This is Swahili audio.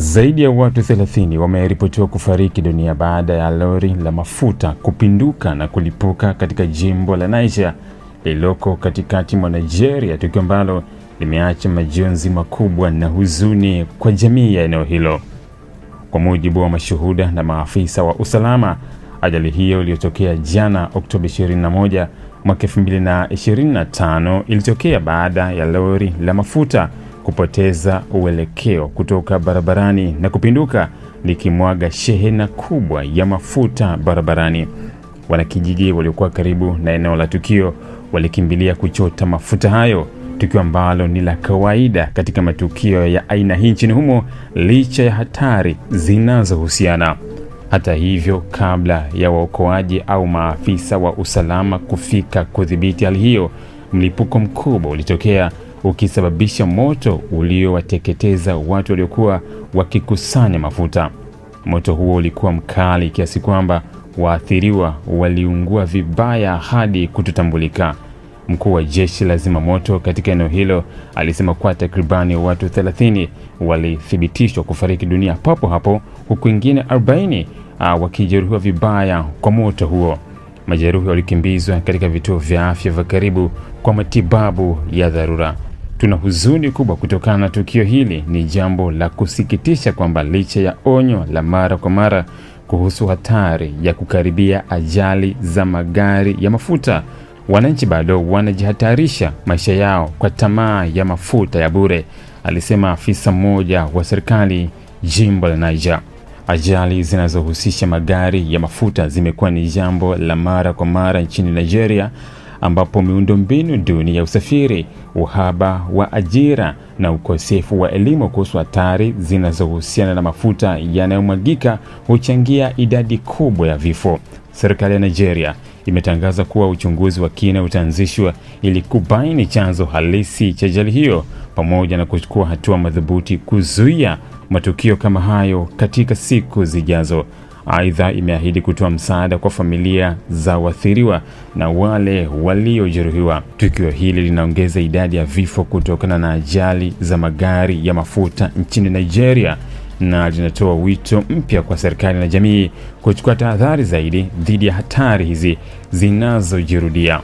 Zaidi ya watu 30 wameripotiwa kufariki dunia baada ya lori la mafuta kupinduka na kulipuka katika jimbo la Niger lililoko katikati mwa Nigeria, tukio ambalo limeacha majonzi makubwa na huzuni kwa jamii ya eneo hilo. Kwa mujibu wa mashuhuda na maafisa wa usalama, ajali hiyo iliyotokea jana Oktoba 21 mwaka 2025 ilitokea baada ya lori la mafuta kupoteza uelekeo kutoka barabarani na kupinduka likimwaga shehena kubwa ya mafuta barabarani. Wanakijiji waliokuwa karibu na eneo la tukio walikimbilia kuchota mafuta hayo, tukio ambalo ni la kawaida katika matukio ya aina hii nchini humo licha ya hatari zinazohusiana. Hata hivyo, kabla ya waokoaji au maafisa wa usalama kufika kudhibiti hali hiyo, mlipuko mkubwa ulitokea ukisababisha moto uliowateketeza watu waliokuwa wakikusanya mafuta. Moto huo ulikuwa mkali kiasi kwamba waathiriwa waliungua vibaya hadi kutotambulika. Mkuu wa jeshi la zimamoto katika eneo hilo alisema kuwa takribani watu 30 walithibitishwa kufariki dunia papo hapo, huku wengine 40 ah, wakijeruhiwa vibaya kwa moto huo. Majeruhi walikimbizwa katika vituo vya afya vya karibu kwa matibabu ya dharura. Tuna huzuni kubwa kutokana na tukio hili. Ni jambo la kusikitisha kwamba licha ya onyo la mara kwa mara kuhusu hatari ya kukaribia ajali za magari ya mafuta, wananchi bado wanajihatarisha maisha yao kwa tamaa ya mafuta ya bure, alisema afisa mmoja wa serikali jimbo la Niger. Ajali zinazohusisha magari ya mafuta zimekuwa ni jambo la mara kwa mara nchini Nigeria ambapo miundombinu duni ya usafiri, uhaba wa ajira na ukosefu wa elimu kuhusu hatari zinazohusiana na mafuta yanayomwagika huchangia idadi kubwa ya vifo. Serikali ya Nigeria imetangaza kuwa uchunguzi wa kina utaanzishwa ili kubaini chanzo halisi cha ajali hiyo pamoja na kuchukua hatua madhubuti kuzuia matukio kama hayo katika siku zijazo. Aidha, imeahidi kutoa msaada kwa familia za waathiriwa na wale waliojeruhiwa. Tukio hili linaongeza idadi ya vifo kutokana na ajali za magari ya mafuta nchini Nigeria na linatoa wito mpya kwa serikali na jamii kuchukua tahadhari zaidi dhidi ya hatari hizi zinazojirudia.